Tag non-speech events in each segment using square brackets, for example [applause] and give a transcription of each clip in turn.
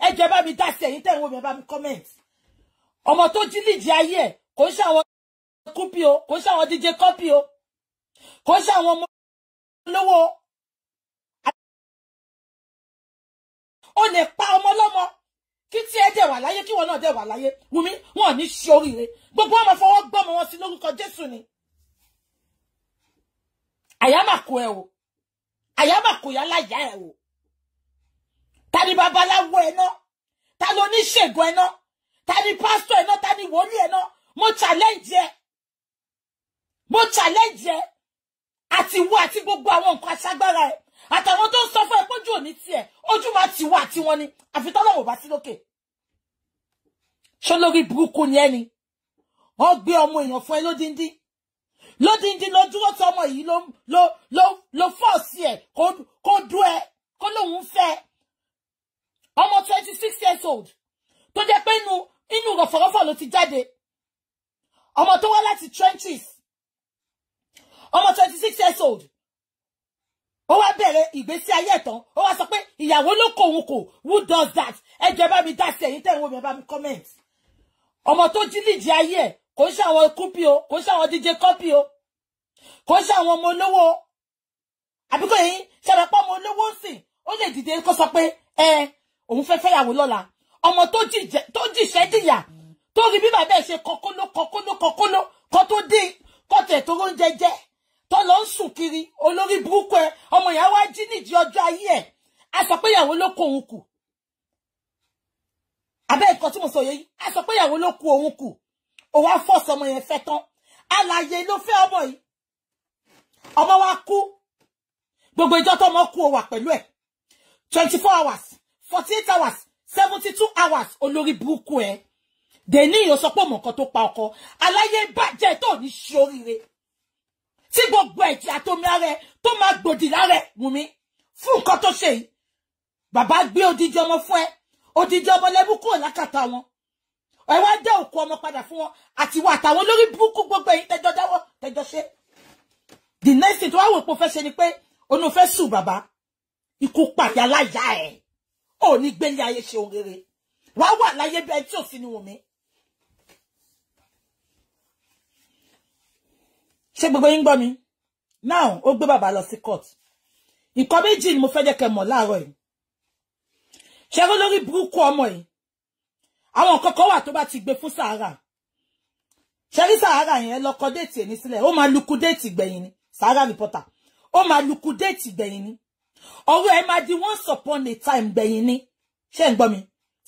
ẹ jẹ́ bá mi dá sí ẹ̀yin tẹ̀ ń wò mí ẹ bá mi comment ọmọ tó jí lìjì ayé ẹ̀ kò ń ṣàwọn kúpì o kò ń ṣàwọn DJ kọ́pì o kò ń ṣàwọn ọmọ olówó o lè pa ọmọ ọlọ́mọ kí tí ẹ dẹ̀ wà láyé kí wọn náà dẹ̀ wà láyé Wùmí wọn ò ní ṣe oríire gbogbo ọmọ fọwọ́ gbọ́mọ wọn sí lórúkọ Jésù ni àyà ẹ o àyà máa láyà ẹ o ta ni babaláwo ẹ náà ta ló ní ṣègùn ẹ náà ta ni pásítọ̀ ẹ náà ta ni wòlíì ẹ náà mo challenge ẹ mo challenge ẹ àti wo àti gbogbo àwọn nǹkan aṣágbára ẹ àtàwọn tó ń sọ fún ẹ pójú òní tiẹ ojú máa ti wá àti wọn ni àfi tọ́lọ́wọ́ bá sí lókè ṣó burúkú ni ẹni wọ́n gbé ọmọ èèyàn fún ẹ lódindín lódindín ló dúró tí ọmọ yìí ló ló ló fọ́ọ̀sì ẹ kó dú ẹ kó lóun fẹ́ ẹ ọmọ twenty six years old tó jẹ́ pé inú inú rọ̀fọ̀rọ̀fọ̀ ló ti jáde ọmọ tó wá láti trenches ọmọ twenty six years old ó wá bẹ̀rẹ̀ ìgbésí ayé ẹ̀tàn ó wá sọ pé ìyàwó ló kó òun kò who does that ẹ jẹ́ bá mi dá sí ẹ̀yin tẹ̀ ń wò mí ẹ bá mi comment ọmọ tó jí lìjì ayé ẹ̀ kò ń ṣàwọn ikú bí o kò ń ṣàwọn díje kọ́pì o kò ń ṣàwọn ọmọ olówó àbíkó yìí ṣàbẹ̀pọ̀ ọmọ olówó sìn ó lè dìde kó sọ pé ẹ òun fẹ́ fẹ́yàwó lọ́la ọmọ tó jìṣẹ́ jìyà tó rí bí bàbá ẹ̀ ṣe kọkóló kọkóló kọkóló kó tó dín kọ́tẹ̀ tó róúnjẹ jẹ́ tó lọ ń sùn kiri olórí burúkú ẹ ọmọ ìyá wa jí nídìí ọjọ́ ayé ẹ̀ a sọ pé ìyàwó ló kó òun kù abẹ́ ẹ̀kọ́ tí mo sọ yẹn a sọ pé ìyàwó ló kó òun kù òun á fọ́ọ̀sì ọmọ yẹn fẹ́ tán alàyè ló fẹ́ ọmọ yìí ọmọ wa kú gbogbo ìjọ tó ọmọ kú o wà pẹ̀lú ẹ̀ twenty four hours forty eight hours seventy two hours olórí burúkú ẹ dèní ìyọsọpọ̀ mọ̀ọ́kan tó pa ọkọ aláyé bàjẹ́ tó ní ṣoríire tí gbogbo ẹ̀jẹ̀ àtomi ara ẹ tó máa gbòdì lára ẹ Wùnmí fún nǹkan tó ṣe yìí bàbá gbé odidi ọmọ fún ẹ odidi ọmọ lẹ́bù kúrò lákàtà wọn ẹ wá dá òkú ọmọ padà fún wọn àti wọn àtàwọn lórí burúkú gbogbo ẹ̀yin tẹjọ dáwọ́ tẹjọ ṣe the next thing tó wá wò pé o fẹ́ ṣe ni pé onú fẹ́ sùn bàbá ikú pàdé aláya ẹ̀ ò ní gbélé ayé ṣe ohun rere wà á wà láyé bí ẹni tí ò sí ní Wùnmí. ṣé gbogbo yín gbọ́ mi now ó gbé bàbá lọ sí court nǹkan méjì ni mo fẹ́ jẹ́ kẹ́ mọ̀ láàárọ̀ yìí ṣé kó lórí burúkú ọmọ yìí àwọn nǹkan kan wà tó ti gbé fún sahara ṣẹ́rí sahara yẹn lọ́kọ déètì ẹ̀ ní sílẹ̀ ó máa lukú déètì ni sahara reporter ó máa lukú déètì gbẹ̀yìn ni ọ̀rọ̀ ẹ̀ máa di once upon a time gbẹ̀yìn ni ṣé ń gbọ́ mi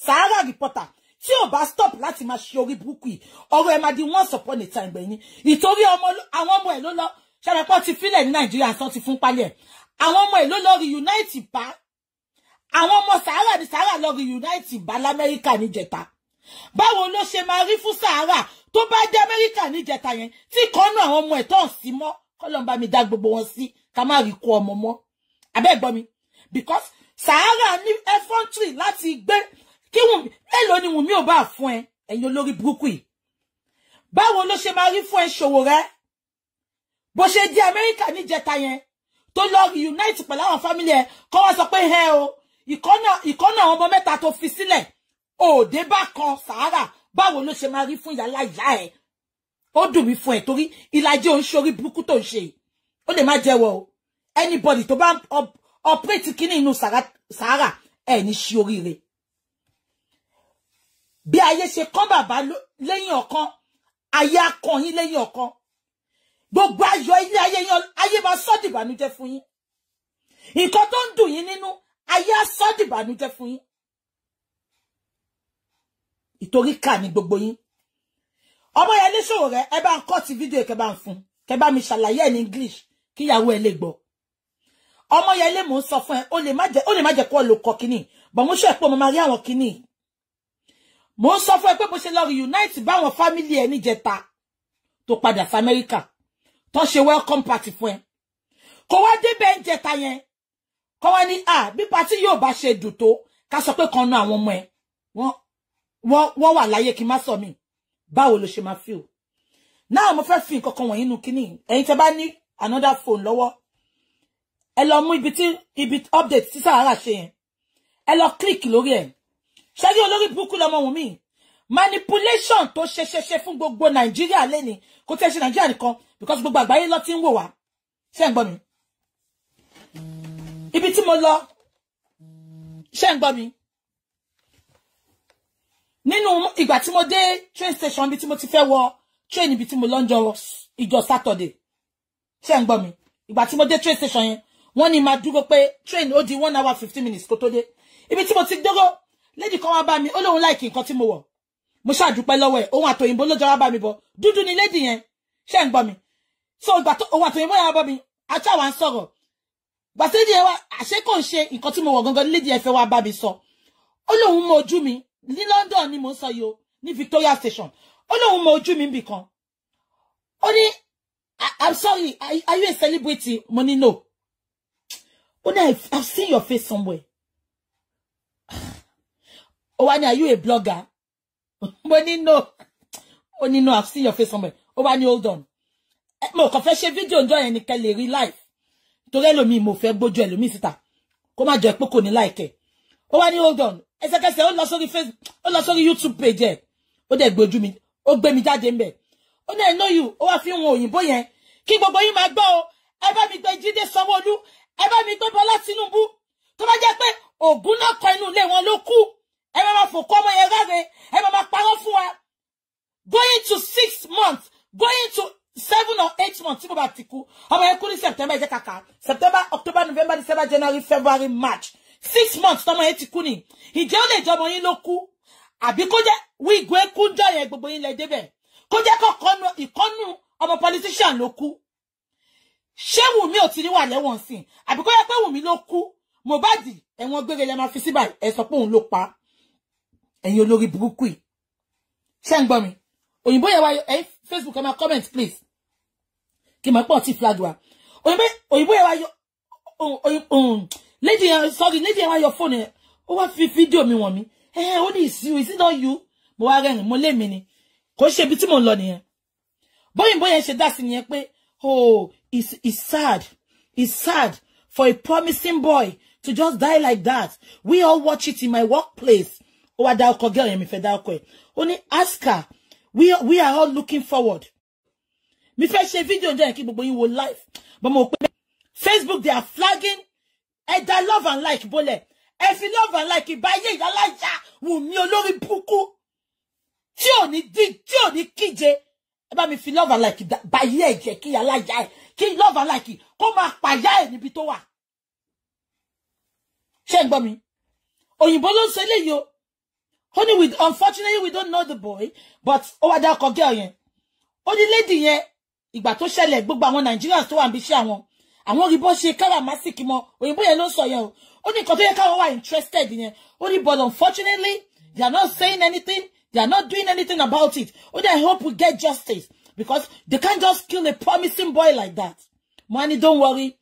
Sahara reporter tí ò bá stop láti máa ṣe orí burúkú yìí ọ̀rọ̀ ẹ̀ máa di once upon a time gbẹ̀yìn ìtorí àwọn ọmọ ẹ̀ ló lọ ṣàlẹ́pọ̀ ti fílẹ̀ ní Nàìjíríà sọ ti fún pálí ẹ̀ àwọn ọmọ ẹ̀ ló lọ reunite bá àwọn ọmọ Sahara ní Sahara lọ reunite bá lamẹ́ríkà níjẹta báwo ló ṣe máa rí fún Sahara tó bá dé Amẹ́ríkà níjẹta yẹn tí kan náà àwọn ọmọ ẹ̀ tán sí mọ́ kọ́lọ́n bá mi dá gbogbo wọn sí ká má rí kó ọmọ mọ́ abẹ́ gbọ́ mi because sahara ní effrontery láti gbé kí wùn mélòó ni wùn mí ò bá fún ẹ ẹ̀yin olórí burúkú yìí báwo ló ṣe máa rí fún ẹ ṣòwò rẹ bó ṣe di amẹ́ríkà níjẹta yẹn tó lọ reunite pẹ̀lú àwọn fámìlì ẹ kọ́ wọ́n sọ pé ẹ o ìkọ́nà ọmọ mẹ́ta tó fi sílẹ̀ òde bá kan sahara báwo ló ṣe máa rí fún ìyá láyà ẹ ó dùn mí fún ẹ torí ìlàjì òun ṣorí burúkú tó ń ṣe ó lè má jẹ́wọ́ o anybody tó bá operate kíní inú sàárà ẹ ní ṣe oríire bí ayé ṣe kọ́ bàbá lẹ́yìn ọ̀kan ayé akọ yín lẹ́yìn ọ̀kan gbogbo ayọ̀ ilé ayé yín ayé máa sọ dìbànújẹ́ fún yín nǹkan tó ń dùn yín nínú ayé á sọ dìbànújẹ́ fún yín ìtorí kà ní gbogbo yín ọmọ yẹn ní ṣòro rẹ ẹ bá ń ti fídíò kẹ bá ń fún kẹ mi ṣàlàyé ẹ ní English kíyàwó ẹ lè gbọ́ ọmọ yẹn lè mò ń sọ fún ẹ ó lè má jẹ kó lò kọ kínní but mo ṣe pé mo máa rí àwọn kínní mo ń sọ fún ẹ pé bó ṣe lọ reunite báwọn family ẹ níjẹta tó padà sí Amẹ́ríkà tó ṣe welcome party fún ẹ kó wá débẹ̀ ń yẹn kó wá ní à ah, bí party yóò bá ṣe dùn tó ká sọ pé kan ná àwọn ọmọ ẹ wọn wà láyé kí n má sọ mi báwo ló ṣe máa feel náà mo fẹ́ fi nǹkan kan wọ̀nyí nu kínní ẹ̀yin tẹ́ bá ní another phone lọ́wọ́ ẹ lọ mú ibi tí ibi update tí sàárà ṣe yẹn ẹ lọ click lórí ẹ ṣáájú olórí burúkú lọmọ wù mí manipulation tó ṣe ṣe ṣe fún gbogbo nàìjíríà lẹ́ni kò tẹ́ ṣe nàìjíríà nìkan because gbogbo àgbáyé ló ti ń wò wá ṣé ń gbọ́ mi ibi tí mo lọ ṣé ń gbọ́ mi nínú ìgbà tí mo dé train station ibi tí mo ti fẹ́ wọ train ibi tí mo lọ ń jọ ìjọ Saturday ṣé ń gbọ́ mi ìgbà tí mo dé train station yẹn wọ́n ní máa dúró pé train ó di one hour fifteen minutes kó tó dé ibi tí mo ti dúró lady kan wá bá mi ó lóun láìkí nǹkan tí mo wọ̀ mo ṣàdúpẹ́ lọ́wọ́ ẹ̀ òun àtòyìnbó ló jọ wá bá mi bọ̀ dúdú ni lady yẹn ṣe ń gbọ́ mi so ìgbà tó òun àtòyìnbó yẹn wá bá mi ajá wa ń sọ̀rọ̀ gbà tí lady yẹn wá àṣé kò ń ṣe nǹkan tí mo wọ̀ gangan lady yẹn fẹ́ wá bá mi sọ ó lóun mọ ojú mi ní London ni mo ń sọ yìí o ní Victoria Station ó lóun mọ ojú mi nbìkan ó ní I'm sorry are you a celebrity mo ní no ó ní I've seen your face somewhere [sighs] Oh, wá are you a blogger [laughs] mo ní no ó ní no I've seen your face somewhere Oh, wá ní hold on eh, mo confession video on Joy and Kelly ni kẹ́ lè rí live torí ẹlòmíì mo fẹ́ gbójú ẹlòmíì síta kó má jọ pé kò ní láìkẹ́ ó wá ní hold on ẹsẹ̀kẹsẹ̀ ó lọ sórí Facebook ó lọ sórí YouTube page Oh, ó bojo gbójú mi ó gbé mi jáde ńbẹ̀ ó I know you Oh, wá fi more òyìnbó yẹn kí gbogbo yín máa gbọ́ o ẹ bá mi gbé Jídé someone olú ẹ mi pé Bọ́lá Tinubu tó bá jẹ́ pé ògùn náà kọ inú ilé wọn ló kú ẹ máa ma ọmọ yẹn ráre ẹ máa ma fún wa going to six months going to seven or eight months tí mo bá ti kú ọmọ yẹn kú ní September ìjẹ́ kàkà September October November December January February March six months tọmọ yẹn ti kú ni ìjẹ́ ó lè jọmọ yín ló kú àbí kó jẹ́ wíìgù ẹkú jọ yẹn gbogbo yín lẹ kó jẹ́ kọ́kọ́ ìkọ́nù ọmọ politician ló kú ṣé Wùmí ò ti ní wà lẹ́wọ̀n sí i àbí kó yẹ pé Wùmí ló kú Mohbad ẹ̀wọ̀n gbére lẹ́ máa fi síbà ẹ sọ pé òun ló pa ẹ̀yin olórí burúkú yìí ṣé ń gbọ́ mi òyìnbó yẹn wá ẹ Facebook ẹ máa comment please kí n máa pọ̀ tí flag wa òyìnbó yẹn wá yọ lady yẹn sorry lady yẹn wá yọ fóònù yẹn ó wá fi fídíò mi wọ̀n mi ẹ ó ní ìsìn ìsìn náà yú mo wá rẹ́rìn mo lé mi ni kò ṣe ibi tí mò ń lọ nìyẹn bóyìnbó yẹn ṣe dá sí nìyẹn pé oh, It's, it's sad. It's sad for a promising boy to just die like that. We all watch it in my workplace. Oh, Ó wá dárúkọ girl mi fẹ́ dárúkọ ẹ̀. ask her. We, we are all looking forward. Mi fẹ́ ṣe fídíò ǹjẹ́ wo live. But Facebook they are flagging. Ẹ dá love and like bólẹ̀. Ẹ fi love and like ìbáyé ìdálájà wù mí ya. burúkú. mi olori puku. dí tí ò ní kíje. Ẹ bá mi fi love and like ìbáyé ẹ̀jẹ̀ kí alájà ya kí love and like kó máa pàyà ẹ̀ níbi tó wà ṣé ń gbọ́ mi òyìnbó ló ń sọ eléyìí o ó ní unfortunately we don't know the boy but ó wá dákọ̀ girl yẹn ó ní lady yẹn ìgbà tó ṣẹlẹ̀ gbogbo àwọn Nigerians tó wà níbi iṣẹ́ àwọn àwọn òyìnbó ṣe káràmásìkì mọ òyìnbó yẹn ló ń sọ yẹn o ó ní nǹkan tó yẹ káwọn wà interested yẹn ó ní but unfortunately they are not saying anything they are not doing anything about it ó ní I hope we get justice because they can't just kill a promising boy like that. Money, don't worry.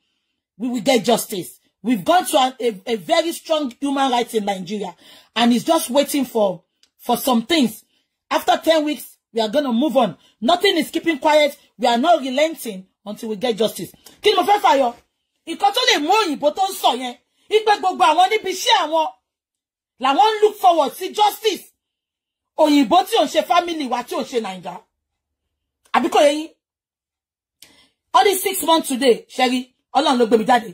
We will get justice. We've gone to a, a, a very strong human rights in Nigeria, and it's just waiting for, for some things. After 10 weeks, we are going to move on. Nothing is keeping quiet. We are not relenting until we get justice. Kí ni mo fẹ́ fàyọ? Ìkan tó lè mú òyìnbó tó He sọ yẹn. Ìgbẹ́ gbogbo àwọn níbi iṣẹ́ àwọn làwọn ń look forward sí justice. Òyìnbó tí ò on your family wa tí ò ń ṣe Nàìjíríà àbí kò yẹ yín all these six months today Sherry, ọlọ́run ló gbé mi jáde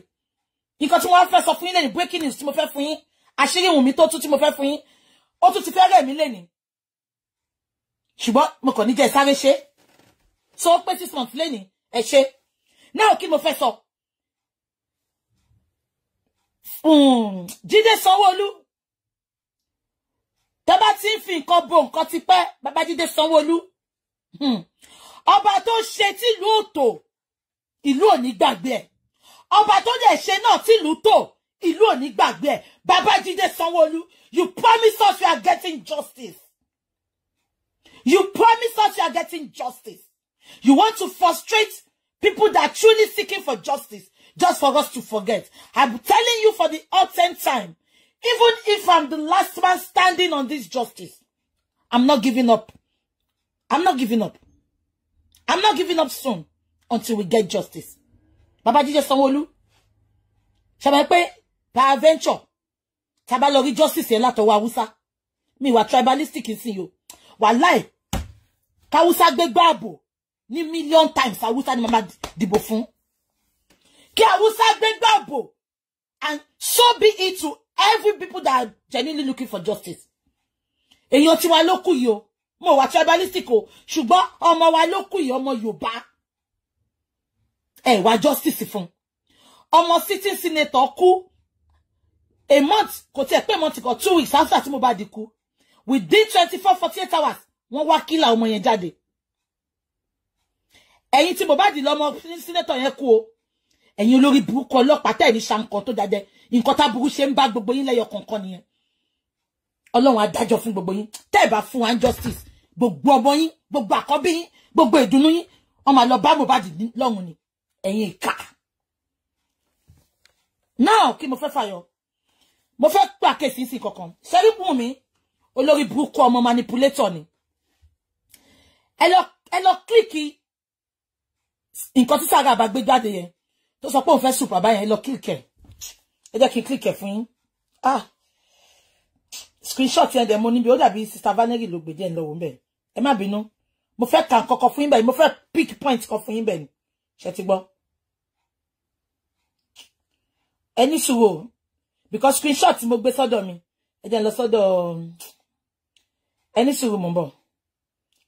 nǹkan tí wọ́n fẹ́ sọ fún yín lẹ́yìn breaking news tí mo fẹ́ fún yín àṣírí wùn mi tó tún tí mo fẹ́ fún yín ó tún ti fẹ́ rẹ̀ mí lẹ́nìí ṣùgbọ́n mo kàn ní jẹ́ sáré ṣe so ó six months lẹ́nìí ẹ ṣe now kí mo fẹ́ sọ hmm, Jídé Sanwó-Olú tẹ́ bá ti ń fi nǹkan bo nǹkan ti pẹ́ bàbá Jídé Sanwó-Olú hmm ọba tó ṣe tìlú òtò ìlú ò ní gbàgbé ẹ̀ ọba tó dẹ̀ ṣe náà tìlú tò ìlú ò ní gbàgbé ẹ̀ Babájídé you promise us you are getting justice you promise us you are getting justice you want to frustrate people that truly seeking for justice just for us to forget I'm telling you for the tenth time even if I'm the last man standing on this justice I'm not giving up I'm not giving up I'm not giving up soon until we get justice. Baba Sanwo-Olu. Ṣàbẹ̀ pe per adventure. Tàbá lọ rí justice yẹn látọwọ́ Hausa. Mi wà tribalistic sí o. Wàláì. Káwúsá gbé gbààbò ni million times Hausa ni màmá dìbò fún. Kí Hausa gbé gbààbò and so be it to every people that are genuinely looking for justice. E tiwa ló kù yìí o mo wà tribalistic o ṣùgbọ́n ọmọ wa ló kù yìí ọmọ Yorùbá ẹ wá justice fún ọmọ sitting senator kú a month kò tiẹ̀ pé month kan two weeks after tí mo bá dínkù within twenty four forty eight hours wọ́n wá kílà ọmọ yẹn jáde ẹ̀yin tí mo bá dì lọ́mọ senator yẹn kú o ẹ̀yin olórí burúkú ọlọ́pàá tẹ̀ ní ṣàǹkan tó dájẹ́ nǹkan tá burú ṣe ń bá gbogbo yín lẹ́yọ kọ̀ọ̀kan nìyẹn ọlọ́run adájọ́ fún gbogbo yín tẹ́ ẹ̀ bá fún wa justice gbogbo ọmọ yín gbogbo àkọ́bí yín gbogbo ìdùnnú yín wọ́n máa lọ bá Mohbad lọ́hùn ni ẹ̀yin ìka. náà kí mo fẹ́ fàyọ mo fẹ́ pàkíyèsí sí kankan sẹ́rí Wùnmí olórí burúkú ọmọ manipulator ni ẹ lọ kílìkì nǹkan tí Sàrà àbá gbé jáde yẹn tó sọ pé òun fẹ́ sùn bàbá ẹ lọ kílìkì ẹ ẹ jẹ́ kí n kílìkì ẹ fún yín ah screenshot yẹn dẹ̀ mo níbi ó dàbí sister Vanelli ló gbèjẹ́ ńlọ́wọ́ ń bẹ̀ ẹ má bínú mo fẹ́ kà kọ́kọ́ fún yín bẹ́ẹ̀ mo fẹ́ pick point kan fún yín bẹ́ẹ̀ ni ṣe ti gbọ́ ẹ ní because screenshot mo gbé sọ́dọ̀ mi ẹ jẹ́ n lọ sọ́dọ̀ ẹ ní mo ń bọ̀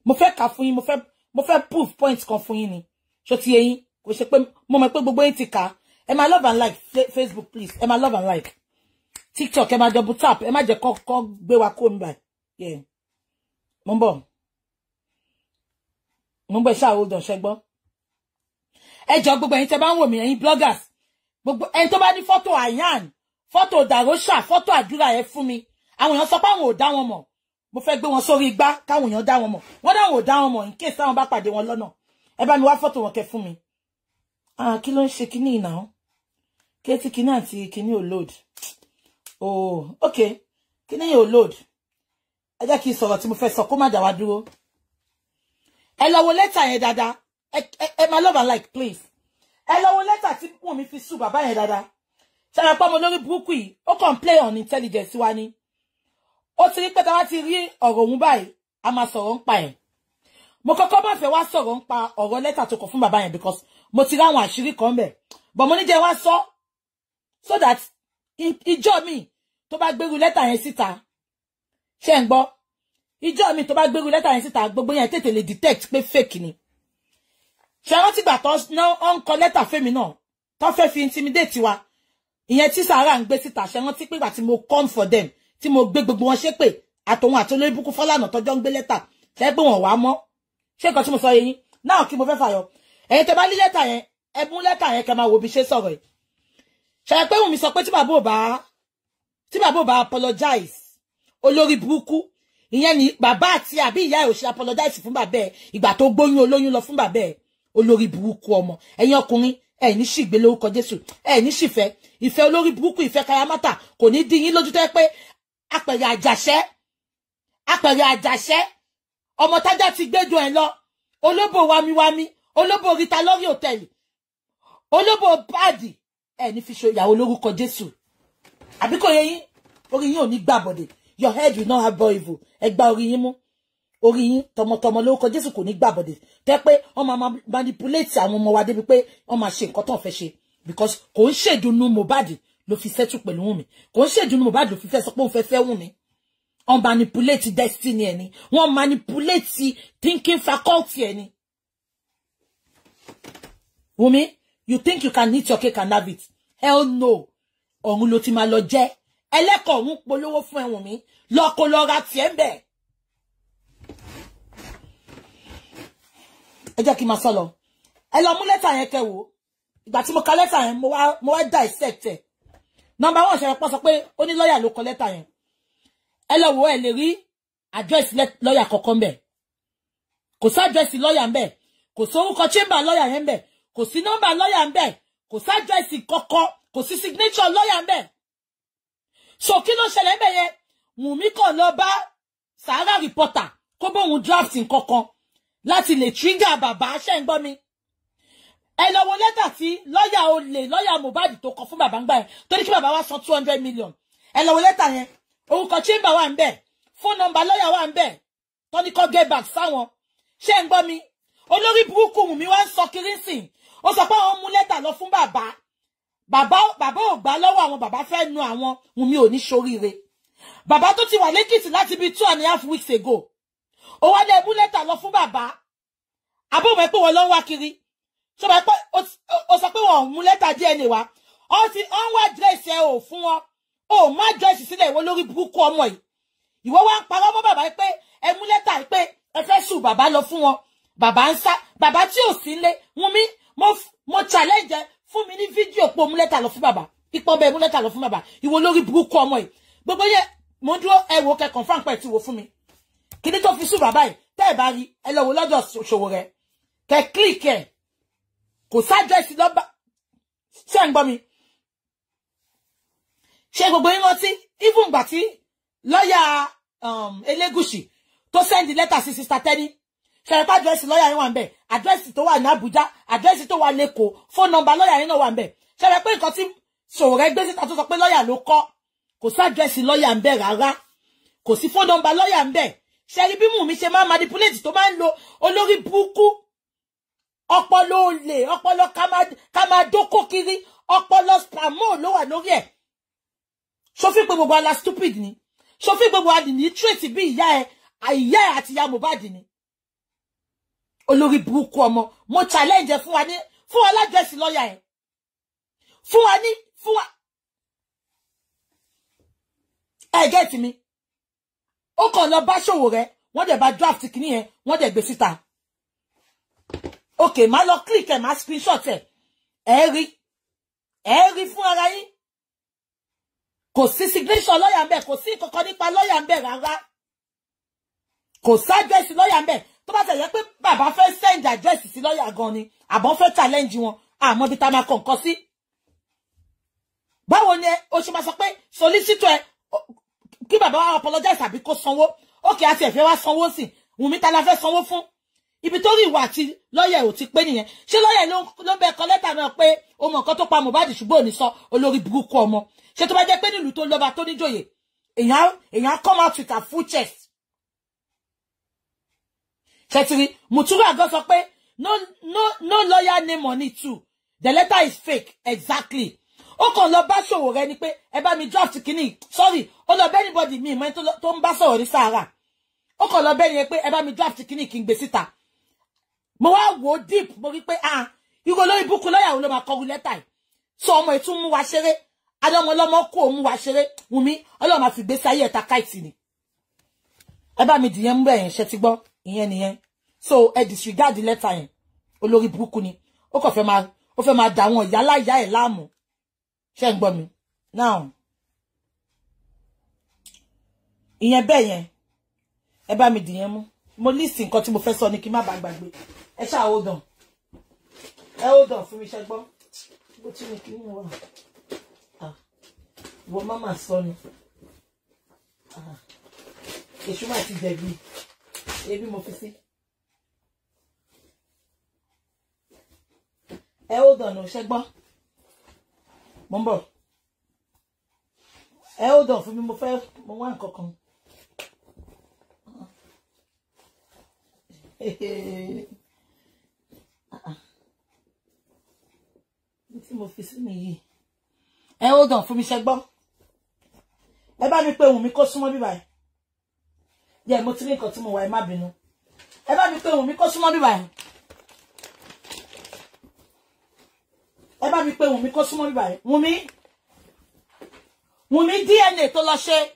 mo fẹ́ kà fún yín mo fẹ́ mo fẹ́ proof point kan fún yín ni ṣó ti yé yín kò ṣe pé mo mọ̀ pé gbogbo yín ti kà ẹ máa love and like Facebook please ẹ máa love and like tiktok ẹ máa double tap ẹ má jẹ́ kọ́kọ́ gbé wa kó mi báyìí mo ń bọ̀ mo ń bọ̀ ṣáà hold on ṣẹ́gbọ́n ẹ jọ gbogbo ẹ̀yin tẹ́ bá ń wò mí ẹ̀yin bloggers gbogbo ẹ̀yin tó bá ní fọ́tò ayan fọ́tò dàrósà fọ́tò àdúrà ẹ fún mi àwọn èèyàn sọ pé àwọn ò dá wọn mọ̀ mo fẹ́ gbé wọn sórí igbá káwọn èèyàn dá wọn mọ̀ wọ́n dáwọn ò dá wọn mọ̀ in case táwọn bá pàdé wọn lọ́nà ẹ bá mi wá fọ́tò wọn kẹ fún mi ah, kí ló ń ṣe kíní ìnáwó kí etí kíní àti kíní ò load oh okay kí ni yóò load ẹ jẹ́ kí n sọ̀rọ̀ tí mo fẹ́ sọ kó má dà wá dúró ẹ lọ wo lẹ́tà yẹn dáadáa ẹ máa love and like please ẹ lọ wo lẹ́tà tí wọ́n mi fi sú bàbá yẹn dáadáa ṣàrà pọ́n mo lórí burúkú yìí ó kàn on intelligence wa ni ó ti rí pé táwa ti rí ọ̀rọ̀ òun báyìí a máa sọ̀rọ̀ ń pa ẹ̀ mo kọ́kọ́ má fẹ́ wá sọ̀rọ̀ ń pa ọ̀rọ̀ lẹ́tà tó kọ fún bàbá because mo ti ráwọn àṣírí kan bẹ̀ but mo ní jẹ́ wá sọ so that ìjọ mi tó bá gbérú lẹ́tà yẹn síta ṣé ń gbọ́ ìjọ mi tó bá gbérú lẹ́tà yẹn síta gbogbo yẹn tètè lè detect pé fake ni ṣe rántí gbà tó ń kọ lẹ́tà fẹ́mi náà tó fẹ́ fi intimidate wa ìyẹn tí sàárà ń gbé síta ṣe rántí pé ìgbà tí mo come for them tí mo gbé gbogbo wọn ṣépè àtòun àti olóyìnbùkún fọlànà tọjọ ń gbé lẹ́tà ṣe pé wọn wà á mọ́ ṣé nǹkan tí mo sọ yẹn náà kí mo fẹ́ fàyọ ẹ̀yin tẹ́ bá ní lẹ́tà yẹn ẹ mú lẹ́tà yẹn kẹ́ máa wo bí ṣe sọ̀rọ̀ yìí ṣe pé Wùnmí sọ pé tí bàbá ò bá tí bàbá ò bá apologize olórí burúkú ìyẹn ni bàbá àti àbí ìyá ẹ̀ ò ṣe apologize fún bàbá ẹ̀ ìgbà tó gbóyún olóyún lọ fún bàbá ẹ̀ olórí burúkú ọmọ ẹ̀yin ọkùnrin ẹ̀ ní ṣìgbé lórúkọ Jésù ẹ̀ ní ṣìfẹ́ ìfẹ́ olórí burúkú ìfẹ́ karamata kò ní dín yín lójú tẹ́ pé apẹ̀rẹ̀ àjàṣẹ́ apẹ̀rẹ̀ àjàṣẹ́ ọmọ tájà ti gbẹ́jọ ẹ̀ lọ olóbò wamiwami olóbò rita lórí òtẹ́ẹ̀lì olóbò páàdì ẹ ní fi ṣe ìyàwó lórúkọ Jésù àbí kò yẹ yín orí yín ò ní gbà bọ̀dẹ̀ your head will not have boil ẹ gba orí yín mú orí yín tọmọtọmọ lórúkọ Jésù kò ní gbà bọ̀dẹ̀ tẹ́ pé wọ́n máa manipulate àwọn ọmọ wa débi pé wọ́n máa ṣe nǹkan tó ń fẹ́ ṣe because kò ń ṣèdùnnú Mohbad ló fi sẹ́tù pẹ̀lú Wùnmí kò ń ṣèdùnnú Mohbad ló fi fẹ́ sọ pé òun fẹ́ fẹ́ Wùnmí wọ́n manipulate destiny ẹni wọ́n manipulate thinking faculty ẹni Wùnmí you think you can eat your cake and have it hell no ọ̀run ló ti máa lọ jẹ́ ẹlẹ́kọ̀ọ́ ọ̀run polówó fún ẹ̀wọ̀n mi lọ́kọ lọ ra tiẹ̀ ń bẹ̀. ẹ jẹ́ kí n máa sọ lọ ẹ lọ mú lẹ́tà yẹn kẹ́ wò ìgbà tí mo ka lẹ́tà yẹn mo wá dissect ẹ̀ nọmba wọn ṣẹlẹ pọ sọ pé ó ní lọ́ọ̀yà ló kọ lẹ́tà yẹn ẹ lọ wo ẹ lè rí àdírẹ́sì lọ́ọ̀yà kọ̀ọ̀kan bẹ̀ kò sí àdírẹ́sì lọ́ọ̀yà ń bẹ̀ kò sí orúkọ chamber lọ́ọ̀yà yẹn ń bẹ̀ kò sí nọ́mbà lọ́ọ̀yà ń bẹ̀ kò sádírẹ́sì kọ́kọ́ kò sí signature lọ́ọ̀yà ń bẹ̀ so kí ló ṣẹlẹ̀ ń bẹ̀ yẹn Wùnmí kàn lọ bá Sahara reporter kó bóun draft nǹkan kan láti lè trigger bàbá ṣẹ́ ń gbọ́ mi ẹ lọ wo lẹ́tà tí lọ́ọ̀yà olè lọ́ọ̀yà Mohbad tó kọ fún bàbá ń gbà yẹn torí kí bàbá wa san two hundred million ẹ lọ wo lẹ́tà yẹn orúkọ chamber wà ń bẹ̀ fóònù nọ́mbà lọ́ọ̀yà wà ń bẹ̀ tọ́ni kọ́ get back sáwọn ṣé ń gbọ́ mi olórí burúkú Wùnmí wá ń sọ kiri sìn ó sọ pé àwọn mú lẹ́tà lọ fún bàbá bàbá bàbá ò gbà lọ́wọ́ àwọn bàbá fẹ́ nu àwọn Wùmí ò ní ṣoríire bàbá tó ti wà lẹ́kìtì láti bíi two and a half weeks ago ó wá lé mú lẹ́tà lọ fún bàbá àbó mọ̀ pé wọ́n lọ́ ń wá kiri tó bá pẹ́ ó sọ pé wọ́n mú lẹ́tà DNA wá ó ti ó ń wá dírẹ́sì ẹ̀ ò fún wọn ó má dírẹ́sì sílẹ̀ ìwọ lórí burúkú ọmọ yìí ìwọ wá ń parọ́ mọ́ bàbá pé ẹ mú lẹ́tà pé ẹ fẹ́ sùn bàbá lọ fún wọn bàbá ń sá bàbá tí ò sí lé Wùmí mo mo challenge ẹ fún mi ní fídíò pé mú lẹ́tà lọ fún bàbá ipò bẹ́ẹ̀ mú lẹ́tà lọ fún bàbá ìwọ lórí burúkú ọmọ yìí gbogbo yẹn mo dúró ẹ wò kẹ confam pẹ̀ tí wo fún mi kíní tó fi sùn bàbá yìí tẹ́ ẹ bá rí ẹ lọ wò lọ́dọ̀ ṣòwò rẹ kẹ click ẹ kò sájọ ẹsì lọ́ba ṣé ń gbọ́ mi ṣé gbogbo yín rántí even gbà tí lọ́ọ̀yà um, Elégùṣì tó sẹ́ndì lẹ́tà sí sista tẹ́ni ṣẹ̀pá àdírẹ́sì lọ́ọ̀yà yín wà ń bẹ̀ àdírẹ́sì tó wà ní Àbújá àdírẹ́sì tó wà lẹ́kọ̀ọ́ fóònù nọ́mbà lọ́ọ̀yà yín náà wà ń bẹ̀ ṣẹ̀rẹ̀ pé nǹkan tí Sowore gbé síta tó sọ pé lọ́ọ̀yà ló kọ́ kò sí àdírẹ́sì lọ́ọ̀yà ń bẹ̀ rárá kò sí fóònù nọ́mbà lọ́ọ̀yà ń bẹ̀ ṣẹ̀rí bí mú mi ṣe máa manipulate tó máa ń lo olórí burúkú ọpọlọ olè ọpọlọ ká kiri ọpọlọ spamol ló wà lórí ẹ̀ sọfí gbogbo ala stupid ni sọfí gbogbo adìní tírètì bí ìyá ẹ ìyá ẹ àti ìyá Mohbad ni Olori burúkú ọmọ mo challenge ẹ fún wa ní fún wa lájẹsí lọ́ọ̀yà ẹ fún wa ní fún wa ẹ gẹ́ẹ̀tì mi ó kàn lọ bá ṣòwò rẹ wọ́n dẹ̀ bá draft kìíní yẹn wọ́n dẹ̀ gbé síta ok má lọ click e. Ma screenshot e. ẹ rí ẹ rí fún ara yín kò sí signature lọ́ọ̀yà ń bẹ̀ kò sí pa nípa lọ́ọ̀yà ń bẹ̀ rárá kò sáájú ẹ̀sìn tó bá tẹ̀yẹ pé bàbá fẹ́ send address sí lọ́ọ̀yà gan ni àbọ̀ fẹ́ challenge wọn àmọ́ ibi tá a máa kọ nǹkan sí. báwo ni o ṣe máa sọ pé solicitor ẹ kí bàbá wa apologize àbí kó sanwó ókè àti ẹ̀fẹ́ wa sanwó sí Wùnmí ta la fẹ́ sanwó fún ibi tó rí ìwà àti lọ́ọ̀yà ò ti pé nìyẹn ṣé lọ́ọ̀yà ló ń bẹ kọ lẹ́tà náà pé o mọ̀ nǹkan tó pa Mohbad ṣùgbọ́n ò ní sọ olórí burúkú ọmọ ṣé tó bá jẹ́ pé nílùú tó lọ́ba tó níjòyè èèyàn come out with a full chest ṣẹ́tìrí mùtúrú àgọ́ sọ pé no no no lawyer name on too the letter is fake exactly ó kàn lọ bá ṣòwò rẹ ni pé ẹ bá mi draft kínní sorry ó lọ bẹ́ẹ̀ anybody mi ìmọ̀ tó ń bá sọ̀rọ̀ ní sahara ó kàn lọ bẹ́ẹ̀ yẹn pé ẹ bá mi draft kínní kí n gbé síta mo wá wò ó deep mo rí pé ah irú olórí búkú lọ́yà wo ló máa kọrú lẹ́tà yìí sọ ọmọ ìtún mú wa ṣeré adọ́mọ ọlọ́mọ kó òun wa ṣeré Wùmí ọlọ́run àfi ayé ẹ̀ta káìtì ni ẹ bá mi dìyẹn mú bẹ́ẹ̀ yẹn ṣe ti gbọ́ ìyẹn nìyẹn so ẹ disregard lẹ́tà yẹn olórí burúkú ni ó kàn fẹ́ máa ó fẹ́ máa dà àwọn ìyá láyà ẹ̀ láàmú ṣé ń gbọ́ mi now ìyẹn bẹ́ẹ̀ yẹn ẹ bá mi dìyẹn mú mo lísì nǹkan tí mo fẹ́ sọ ni kí n má bàa gbàgbé ẹ ṣáà hold on ẹ ó dàn fún mi ṣe gbọ́ bó tí mi kì í wà ìwọ má mà sọ ni ah, èṣù má ti jẹ̀bi ebi mo fi sí. ẹ ó dọ̀nà ṣẹ́gbọ́n mo ń bọ̀ ẹ ó dọ̀n fún mi mo fẹ́ mo wá nǹkan kan. tí mo fi sí nìyí ẹ ó dọ̀n fún mi ṣẹ́gbọ́n ẹ bá mi pé ohùn mi kó súnmọ́ bíbáyìí jẹ́ mo ti rí nǹkan tí mo wà ẹ má bínú ẹ bá mi pé wùn mí kó súnmọ́ bíbá yẹn ẹ bá mi pé wùn mí kó súnmọ́ bíbá yẹn wùn mí wùn mí DNA tó lọ ṣe